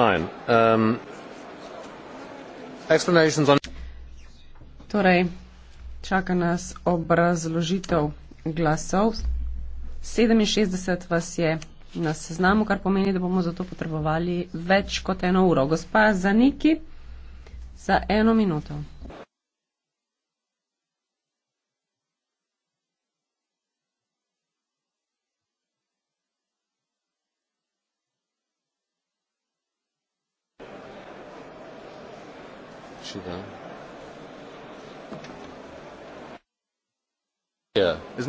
Um, torej, čaka nas obrazložitev glasov. 67 vas je na seznamu, kar pomeni, da bomo zato potrebovali več kot eno uro. Gospa Zaniki, za eno minuto. Mogoče da. Ja.